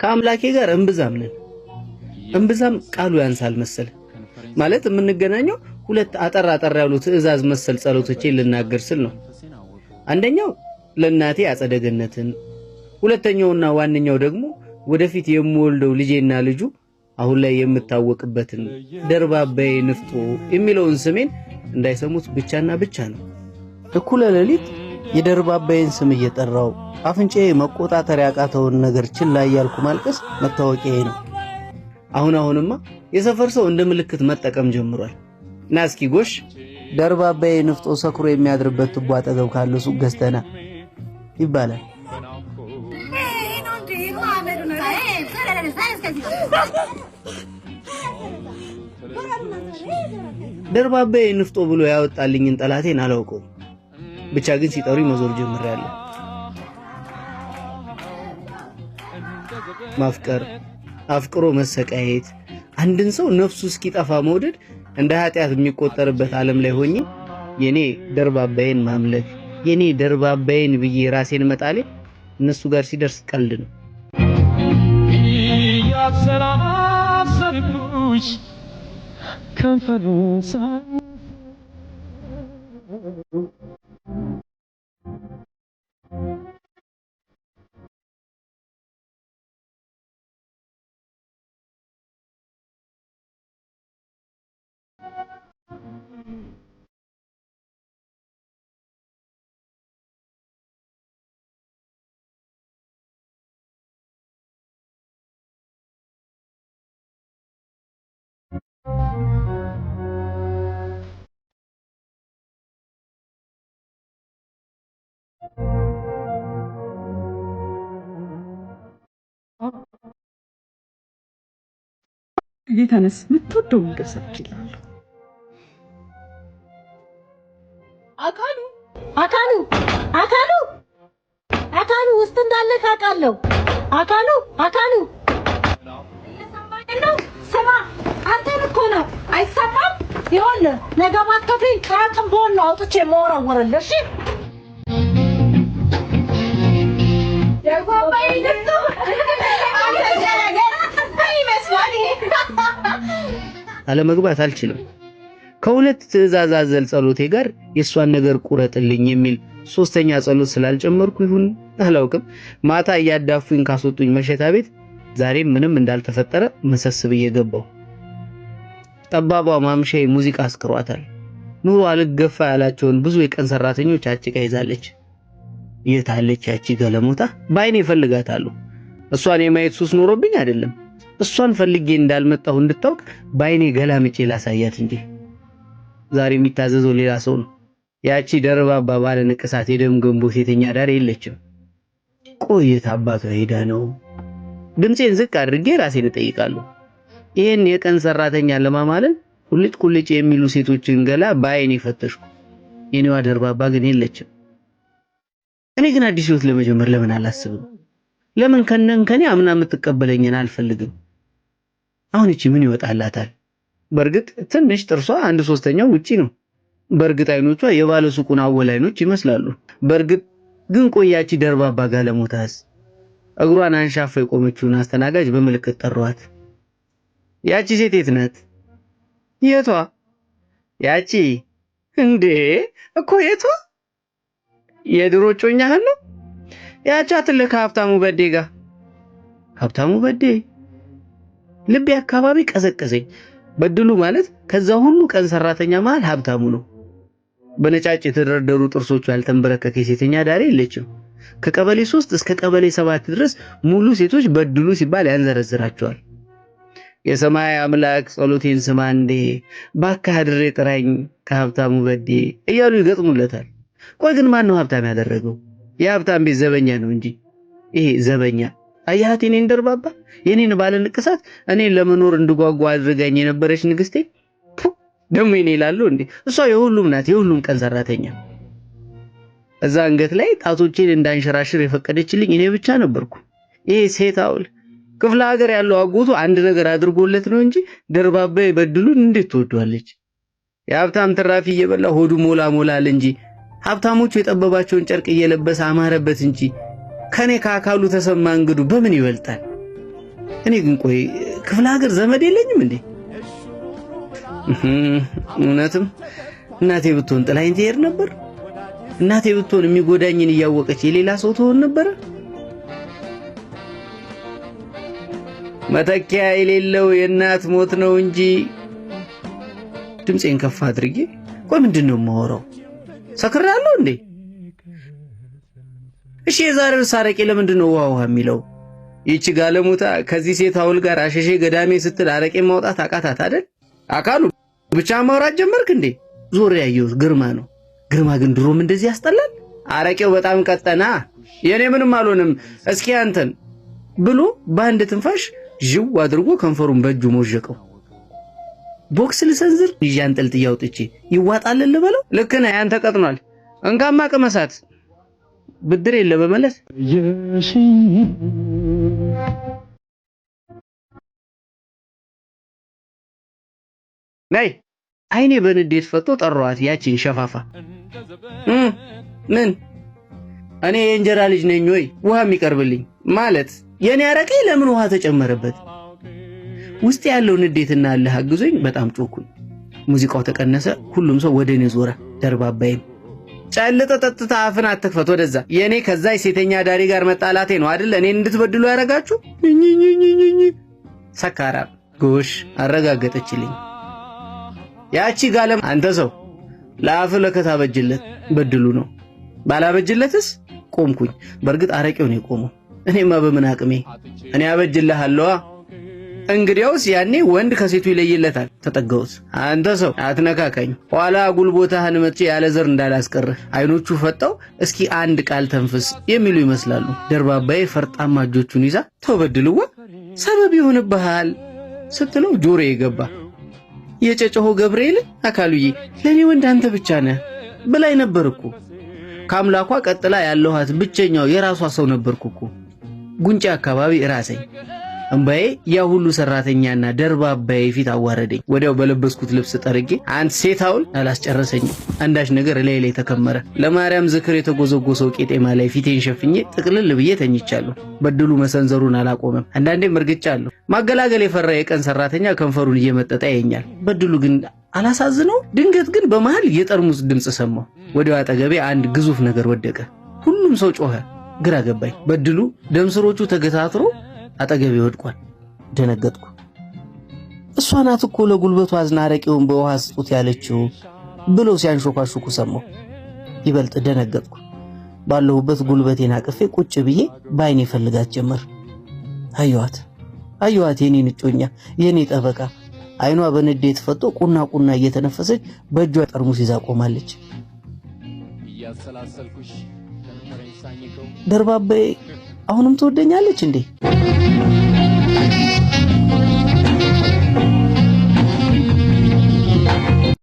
ከአምላኬ ጋር እምብዛም ነን፣ እምብዛም ቃሉ ያንሳል መሰል ማለት የምንገናኘው ሁለት አጠር አጠር ያሉ ትዕዛዝ መሰል ጸሎቶቼ ልናገር ስል ነው። አንደኛው ለእናቴ አጸደ ገነትን፣ ሁለተኛውና ዋነኛው ደግሞ ወደፊት የምወልደው ልጄና ልጁ አሁን ላይ የምታወቅበትን ደርባባዬ ንፍጦ የሚለውን ስሜን እንዳይሰሙት ብቻና ብቻ ነው። እኩለ ሌሊት የደርባባዬን ስም እየጠራው አፍንጫዬ መቆጣጠር ያቃተውን ነገር ችላ እያልኩ ማልቀስ መታወቂያዬ ነው። አሁን አሁንማ የሰፈር ሰው እንደ ምልክት መጠቀም ጀምሯል። ና እስኪ ጎሽ ደርባባዬ ንፍጦ ሰክሮ የሚያድርበት ቱቦ አጠገብ ካለ ሱቅ ገዝተና ይባላል። ደርባባዬ ንፍጦ ብሎ ያወጣልኝን ጠላቴን አላውቀውም። ብቻ ግን ሲጠሩኝ መዞር ጀምሬያለሁ። ማፍቀር፣ አፍቅሮ መሰቃየት፣ አንድን ሰው ነፍሱ እስኪጠፋ መውደድ እንደ ኃጢአት የሚቆጠርበት ዓለም ላይ ሆኜ የኔ ደርባባዬን ማምለክ የኔ ደርባባዬን ብዬ ራሴን መጣሌ እነሱ ጋር ሲደርስ ቀልድ ነው። ከንፈሩን ተነስ ተነስ፣ የምትወደው ምግብ ሰርች ይላሉ። አካሉ አካሉ አካሉ አካሉ ውስጥ እንዳለ ታውቃለሁ። አካሉ አካሉ ስማ፣ አንተን እኮ ነው አይሰማም። ይኸውልህ ነገ ማትከፍለኝ ቅራቅም በሆን ነው አውጥቼ አለመግባት አልችልም። ከሁለት ትእዛዝ አዘል ጸሎቴ ጋር የእሷን ነገር ቁረጥልኝ የሚል ሶስተኛ ጸሎት ስላልጨመርኩ ይሁን አላውቅም፣ ማታ እያዳፉኝ ካስወጡኝ መሸታ ቤት ዛሬም ምንም እንዳልተፈጠረ መሰስብ እየገባው ጠባቧ ማምሻዬ ሙዚቃ አስክሯታል። ኑሮ አልገፋ ያላቸውን ብዙ የቀን ሰራተኞች አጭቃ ይዛለች። የታለች ያቺ ገለሞታ? በአይኔ እፈልጋታለሁ። እሷን የማየት ሱስ ኖሮብኝ አይደለም እሷን ፈልጌ እንዳልመጣሁ እንድታውቅ በአይኔ ገላምጬ ላሳያት እንጂ ዛሬ የሚታዘዘው ሌላ ሰው ነው። ያቺ ደርባባ ባለ ንቅሳት የደም ገንቦ ሴተኛ ዳር የለችም። ቆየት አባቷ ሄዳ ነው። ድምፄን ዝቅ አድርጌ ራሴን እጠይቃለሁ። ይህን የቀን ሰራተኛ ለማማለል ሁልጭ ቁልጭ የሚሉ ሴቶችን ገላ በአይኔ ፈተሽኩ። የኔዋ ደርባባ ግን የለችም። እኔ ግን አዲስ ህይወት ለመጀመር ለምን አላስብም? ለምን ከነን ከኔ አምና የምትቀበለኝን አልፈልግም? አሁን እቺ ምን ይወጣላታል? በእርግጥ ትንሽ ጥርሷ አንድ ሶስተኛው ውጪ ነው። በእርግጥ አይኖቿ የባለ ሱቁን አወል አይኖች ይመስላሉ። በእርግጥ ግን ቆያቺ ደርባባ ጋለሞታስ? እግሯን አንሻፋ የቆመችውን አስተናጋጅ በምልክት ጠሯት። ያቺ ሴት የት ናት? የቷ? ያቺ እንዴ እኮ የቷ? የድሮ ጮኛህን ነው ያቻ ትልቅ ሀብታሙ በዴ ጋር ሀብታሙ በዴ ልቤ አካባቢ ቀዘቀዘኝ። በድሉ ማለት ከዛ ሁሉ ቀን ሰራተኛ መሃል ሀብታሙ ነው። በነጫጭ የተደረደሩ ጥርሶቹ ያልተንበረከከ ሴተኛ ዳሪ የለችም። ከቀበሌ ሶስት እስከ ቀበሌ ሰባት ድረስ ሙሉ ሴቶች በድሉ ሲባል ያንዘረዝራቸዋል። የሰማይ አምላክ ጸሎቴን ስማ እንዴ ባካ አድሬ ጥራኝ ከሀብታሙ በዴ እያሉ ይገጥሙለታል። ቆይ ግን ማን ነው ሀብታም ያደረገው? የሀብታም ቤት ዘበኛ ነው እንጂ ይሄ ዘበኛ አያት የኔን ደርባባ የኔን ባለ ንቅሳት እኔን ለመኖር እንድጓጓ አድርጋኝ የነበረች ንግስቴ ደግሞ የኔ ይላሉ እንዴ! እሷ የሁሉም ናት፣ የሁሉም ቀን ሰራተኛ። እዛ አንገት ላይ ጣቶቼን እንዳንሸራሽር የፈቀደችልኝ እኔ ብቻ ነበርኩ። ይሄ ሴት አውል ክፍለ ሀገር ያለው አጎቱ አንድ ነገር አድርጎለት ነው እንጂ ደርባባ የበድሉን እንዴት ትወዷለች? የሀብታም ትራፊ እየበላ ሆዱ ሞላ ሞላል እንጂ ሀብታሞቹ የጠበባቸውን ጨርቅ እየለበሰ አማረበት እንጂ ከኔ ከአካሉ ተሰማ እንግዱ በምን ይበልጣል? እኔ ግን ቆይ ክፍለ ሀገር ዘመድ የለኝም እንዴ? እውነትም እናቴ ብትሆን ጥላይን ትሄድ ነበር? እናቴ ብትሆን የሚጎዳኝን እያወቀች የሌላ ሰው ትሆን ነበረ? መተኪያ የሌለው የእናት ሞት ነው እንጂ። ድምፄን ከፍ አድርጌ ቆይ ምንድን ነው የማወራው? ሰክራለሁ እንዴ? እሺ የዛሬው ሳረቄ ለምንድን ነው ውሃ ውሃ የሚለው? ይቺ ጋለሞታ ከዚህ ሴት አውል ጋር አሸሼ ገዳሜ ስትል አረቄ ማውጣት አቃታት አይደል? አቃሉ ብቻ ማውራት ጀመርክ እንዴ? ዞር ያየሁት ግርማ ነው። ግርማ ግን ድሮም እንደዚህ ያስጠላል። አረቄው በጣም ቀጠና። የኔ ምንም አልሆንም፣ እስኪ አንተን ብሎ በአንድ ትንፋሽ ዥው አድርጎ ከንፈሩን በእጁ ሞዠቀው። ቦክስ ልሰንዝር ይዣን ጥልጥ እያውጥቼ ይዋጣልን ልበለው? ልክ ነህ፣ ያንተ ቀጥኗል። እንካማ ቅመሳት ብድር የለ በመለስ ናይ አይኔ በንዴት ፈጦ ጠሯት። ያቺን ሸፋፋ ምን እኔ የእንጀራ ልጅ ነኝ ወይ ውሃ የሚቀርብልኝ ማለት የኔ አረቄ ለምን ውሃ ተጨመረበት? ውስጥ ያለው ንዴትና አለ አግዞኝ በጣም ጮኩኝ። ሙዚቃው ተቀነሰ። ሁሉም ሰው ወደ እኔ ዞረ። ደርባባይም ጨልጠ ጠጥታ አፍን አትክፈት ወደዛ የእኔ ከዛ የሴተኛ ዳሪ ጋር መጣላቴ ነው አይደል እኔን እንድትበድሉ ያረጋችሁ ሰካራ ጎሽ አረጋገጠችልኝ ያቺ ጋለም አንተ ሰው ለአፍ ለከታ በጅለት በድሉ ነው ባላበጅለትስ ቆምኩኝ በእርግጥ አረቄው ነው የቆመው እኔማ በምን አቅሜ እኔ አበጅልሃለዋ እንግዲያውስ ያኔ ወንድ ከሴቱ ይለይለታል። ተጠጋሁት። አንተ ሰው አትነካካኝ፣ ኋላ ጉልቦታህን መጥቼ ያለ ዘር እንዳላስቀርህ። አይኖቹ ፈጠው እስኪ አንድ ቃል ተንፍስ የሚሉ ይመስላሉ። ደርባባዬ ፈርጣማ እጆቹን ይዛ ተውበድልዋ ሰበብ ይሆንብሃል ስትለው ጆሮ የገባ የጨጨሆ ገብርኤል አካሉዬ ለእኔ ወንድ አንተ ብቻ ነህ ብላይ ነበር እኮ ከአምላኳ ቀጥላ ያለኋት ብቸኛው የራሷ ሰው ነበርኩ እኮ አካባቢ ራሰኝ እምባዬ ያ ሁሉ ሰራተኛና ደርባባዬ ፊት አዋረደኝ። ወዲያው በለበስኩት ልብስ ጠርጌ አንድ ሴት አውል አላስጨረሰኝም። አንዳች ነገር ላይ ላይ ተከመረ። ለማርያም ዝክር የተጎዘጎሰው ቄጤማ ላይ ፊቴን ሸፍኜ ጥቅልል ብዬ ተኝቻለሁ። በድሉ መሰንዘሩን አላቆመም። አንዳንዴም እርግጫለሁ። ማገላገል የፈራ የቀን ሰራተኛ ከንፈሩን እየመጠጠ ያየኛል። በድሉ ግን አላሳዝነው። ድንገት ግን በመሃል የጠርሙስ ድምፅ ሰማሁ። ወዲያው አጠገቤ አንድ ግዙፍ ነገር ወደቀ። ሁሉም ሰው ጮኸ። ግራ ገባኝ። በድሉ ደምስሮቹ ተገታትሮ አጠገቤ ወድቋል። ደነገጥኩ። እሷ ናት እኮ ለጉልበቱ አዝና አረቄውን በውሃ ስጡት ያለችው ብለው ሲያንሾኳሹኩ ሰማሁ። ይበልጥ ደነገጥኩ። ባለሁበት ጉልበቴን አቅፌ ቁጭ ብዬ በአይኔ ፈልጋት ጀመር። አየዋት አየዋት የኔ ንጮኛ፣ የኔ ጠበቃ። አይኗ በንዴት ፈጦ ቁና ቁና እየተነፈሰች በእጇ ጠርሙስ ይዛ ቆማለች። ደርባቤ አሁንም ትወደኛለች እንዴ?